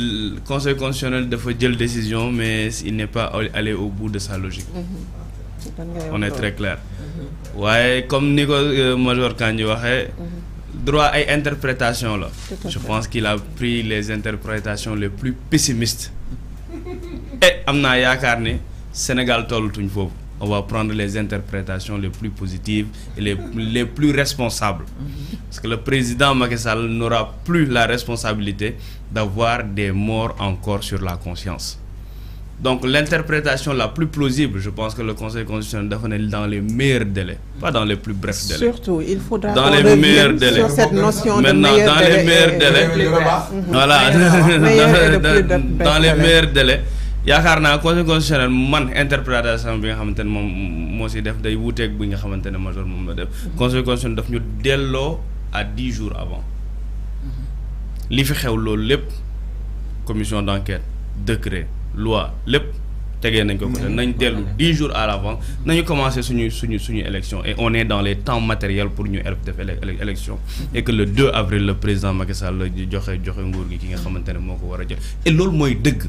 le conseil constitutionnel fait une décision mais il n'est pas allé au bout de sa logique. Mhm. on est très clair. Ouais, mhm. comme Nico euh, major mhm. droit et interprétation là. je pense qu'il a pris les interprétations les plus pessimistes. et am a Sénégal le on va prendre les interprétations les plus positives et les, les plus responsables. Parce que le président Macky Sall n'aura plus la responsabilité d'avoir des morts encore sur la conscience. Donc l'interprétation la plus plausible, je pense que le Conseil constitutionnel faire dans les meilleurs délais, pas dans les plus brefs délais. Surtout, il faudra dans les meilleurs délais. Sur cette notion Maintenant, dans les meilleurs délais. Voilà, dans les meilleurs délais yaakaar naa conseil constitutionnel man interprétation bi nga xamante ne moom moo si def day wuuteeg bi nga xamante ne major moom la def. Mm-hmm. conseil constitutionnel daf ñu delloo à 10 jours avant mm-hmm. li fi xew que la commission d'enquête, le décret loi lépp. tegee nañ ko ko mm-hmm. nañ dellu 10 jours à Nous avons commencé suñu suñu suñu élection et on est dans les temps matériels pour ñu def élection et que le 2 avril le président Macky Sall la joxe joxe nguur gi ki nga xamante ne moo ko war a jël et loolu mooy dëgg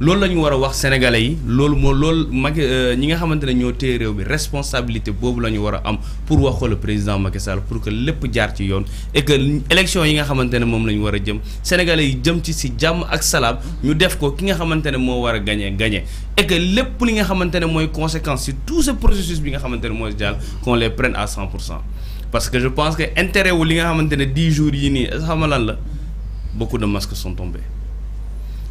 loolu la ñu war a wax sénégalais yi loolu moo loolu Macky euh, ñi nga xamante ne ñoo téye réew bi responsabilité boobu la ñu war a am pour wax le président Macky Sall pour que lépp jaar ci yoon et que élection yi nga xamante ne moom la ñu war a jëm sénégalais yi jëm ci si jàmm ak salaam ñu def ko ki nga xamante ne moo war a gagné gagné et que lépp li nga xamante ne mooy conséquence si tout ce processus bi nga xamante ne mooy jàll qu'on les prenne à 100 pour cent parce que je pense que intérêt wu li nga xamante ne dix jours yii nii xama lan la beaucoup de masques sont tombés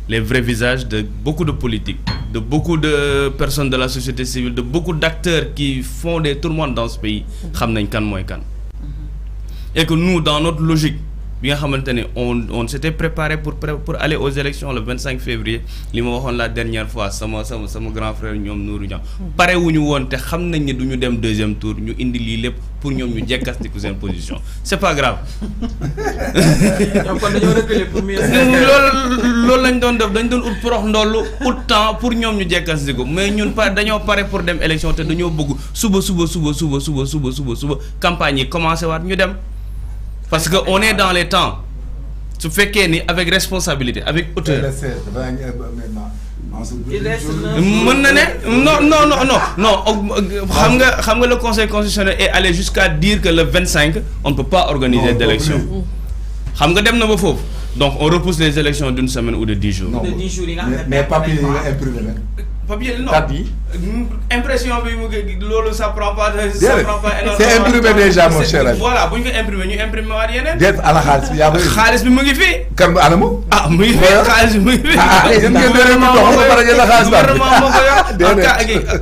les vrais visages de beaucoup de politiques, de beaucoup de personnes de la société civile, de beaucoup d'acteurs qui font des tourments dans ce pays. Et que nous, dans notre logique, bi nga xamante ne on on s'était préparé pour pour aller aux élections le 25 février li ma waxoon la dernière fois sama sama sama grand frère ñoom Nourou Niang hmm. pare wuñu woon te xam nañ ne du ñu dem deuxième tour ñu indi lii lépp pour ñoom ñu jekkastiku seen position c'est pas grave. ñoom kon dañoo reculer pour mieux. loolu lañ doon def dañ doon ut prox ndollu ut temps pour ñoom ñu jekkastiku mais ñun pare dañoo pare pour dem élection te dañoo bëgg suba suba suba suba suba suba suba suba campagne yi commencé waat ñu dem parce qu'on est dans les temps fais fekkee ni avec responsabilité avec hauteur. non non non non non le conseil constitutionnel est allé jusqu'à dire que le 25, on ne peut pas organiser d'élection donc on repousse les élections d'une semaine ou de dix jours. mais pas plus papier non mm, impression bi mu ça prend pas. ça prend pas énormément c'est imprimé déjà mon cher ami. voilà vous ñu ko imprimé ñu imprimé waat yeneen. déet ala xaalis bi yaa ngi xaalis bi mu ngi fi. kan ana ah, mu. ah oui, ngi fi xaalis bi mu ngi fi. ah, ah yéen ngeen doon dox ba pare ngeen la xaalis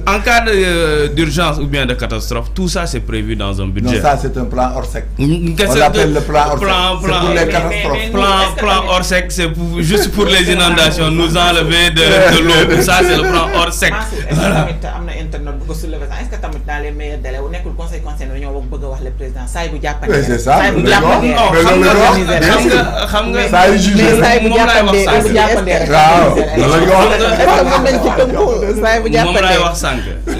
en cas euh, d'urgence ou bien de catastrophe tout ça c'est prévu dans un budget. non ça c'est un plan hors sec. Orsec. on l'appelle le plan hors sec plan c'est pour les catastrophes. plan plan hors sec, c'est juste pour les inondations nous enlever de de l'eau ça c'est le plan or sec voilà am na internet bu ko soulever sax est-ce que tamit dans les meilleurs délais wu nekkul conseil conseil dañoo wax bëgg a wax le président saa yi bu jàppandee. c'est ça saa yi bu jàppandee xam nga xam nga saa yu jugé moom laay wax sànq. waaw loolu la ñu ko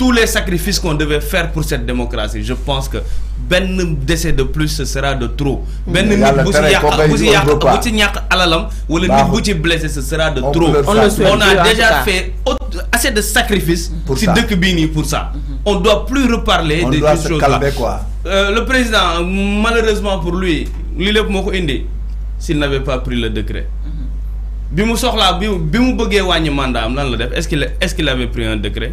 tous les sacrifices qu'on devait faire pour cette démocratie je pense que Ben décès de plus ce sera de trop. Mm. ce sera de trop. on a déjà fait assez de sacrifices. si pour ça. Mm-hmm. on doit plus reparler. de ces choses euh, le président malheureusement pour lui s'il n'avait pas pris le décret. qu'il est-ce qu'il avait pris un décret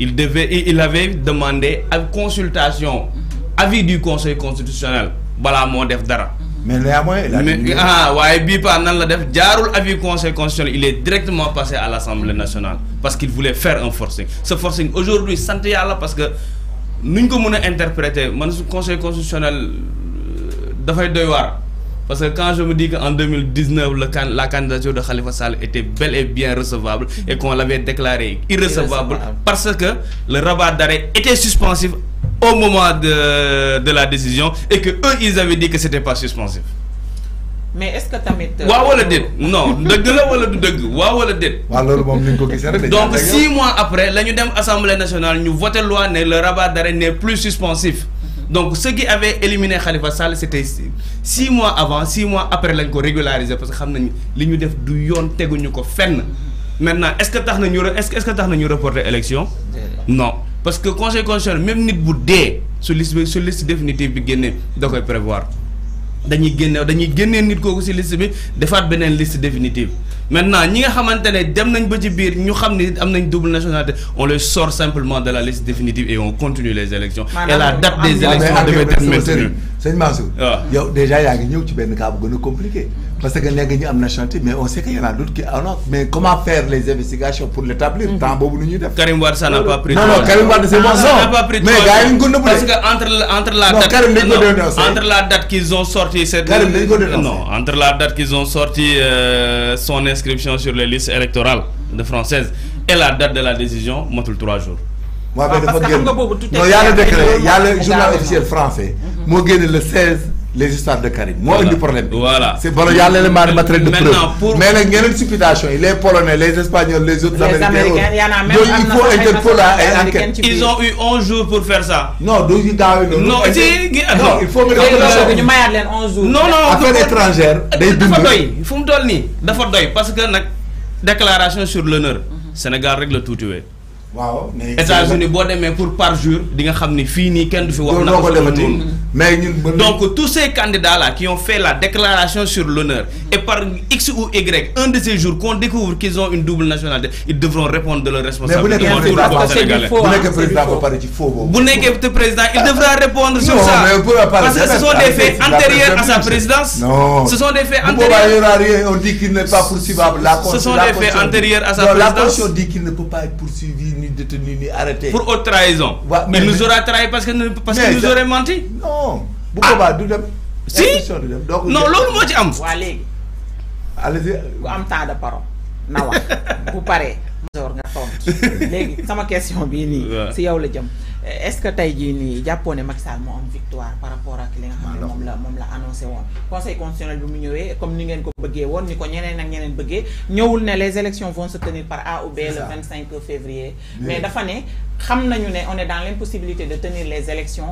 il, devait, il avait demandé à consultation, avis du Conseil constitutionnel. Voilà mon def dara. Mais le il a Mais, ah, ouais, la def, Jarul avis Conseil constitutionnel, il est directement passé à l'Assemblée nationale parce qu'il voulait faire un forcing. Ce forcing, aujourd'hui, santé à parce que nous ne pouvons interpréter, le Conseil constitutionnel, euh, doit devoir. Parce que quand je me dis qu'en 2019, la candidature de Khalifa Sall était bel et bien recevable et qu'on l'avait déclarée irrecevable, parce que le rabat d'arrêt était suspensif au moment de, la décision et que eux, ils avaient dit que c'était pas suspensif. mais est-ce que tu as mis. non donc six mois après lassemblée assemblée nationale nous voté loi et le rabat d'arrêt n'est plus suspensif. Donc, ceux qui avaient éliminé Khalifa Sall, c'était six mois avant, six mois après, ils l'ont régularisé parce que ce def du fait, ils ko fait. Maintenant, est-ce que nous avons est est reporté l'élection Non. Parce que le Conseil constitutionnel, même si vous dé sur liste, sur liste définitive, vous devez prévoir. Vous nit sortir sur liste, bi faire une liste définitive maintenant nous nga xamante dem nañ ba double nationalité on le sort simplement de la liste définitive et on continue les élections et la date des élections devait être maintenue C'est Mansour ah. déjà il y a ci benn cas bu compliqué parce que nous avons chanté, mais on sait qu'il y en a d'autres qui Alors, ah Mais comment faire les investigations pour l'établir mhm. Tant Karim Ward, ça n'a pas pris Non, non, Karim Ward, c'est ah, bon ça. Mais Karim Goudou, parce que entre, entre, la, date, Karim, entre la date qu'ils ont sorti, cette Karim, non, entre la date qu'ils ont sorti euh, son inscription sur les listes électorales de françaises et la date de la décision, moi, tout le trois jours. Moi, ah, parce que Non, il y a le décret, il y a le journal officiel français. Mhm. Moi, le 16 les histoires de Caribes Moi, je le problème. C'est bon, il y a l'élément matériel de preuve. Mais il y a une supplication. Les Polonais, les Espagnols, les autres Américains. Y en a même il faut Ils ont eu 11 jours pour faire ça. Non, donc il faut me en place. Non, il faut mettre en place. Non, non, non. Affaires étrangères. il faut me donner. D'accord, parce que la déclaration sur l'honneur, mhm. Sénégal règle tout, tu waaw États-Unis boo demee pour par jour di nga fini, donc tous ces candidats là qui ont fait la déclaration sur l'honneur et par x ou y un de ces jours qu'on découvre qu'ils ont une double nationalité ils devront répondre de leur responsabilité. mais n'êtes pas président vous parlez du faux vous pas le président il devra répondre sur ça parce que ce sont des faits antérieurs à sa présidence. non ce sont des faits antérieurs. on dit qu'il n'est pas poursuivable. ce sont des faits antérieurs à sa présidence. la constitution dit qu'il ne peut pas être poursuivi ni Pour autre trahison. mais, nous aura trahi parce parce que nous aurait menti. Non. Ah. si non l'autre mot, ci allez question est-ce que tey ni nii jàppoo victoire par rapport à ce nga xamné mom la annoncé won conseil constitutionnel bu mu comme nous ngeen ko bëggé won ni ko les élections vont se tenir par A ou B le 25 février mais dafa né xam nañu on est dans l'impossibilité de tenir les élections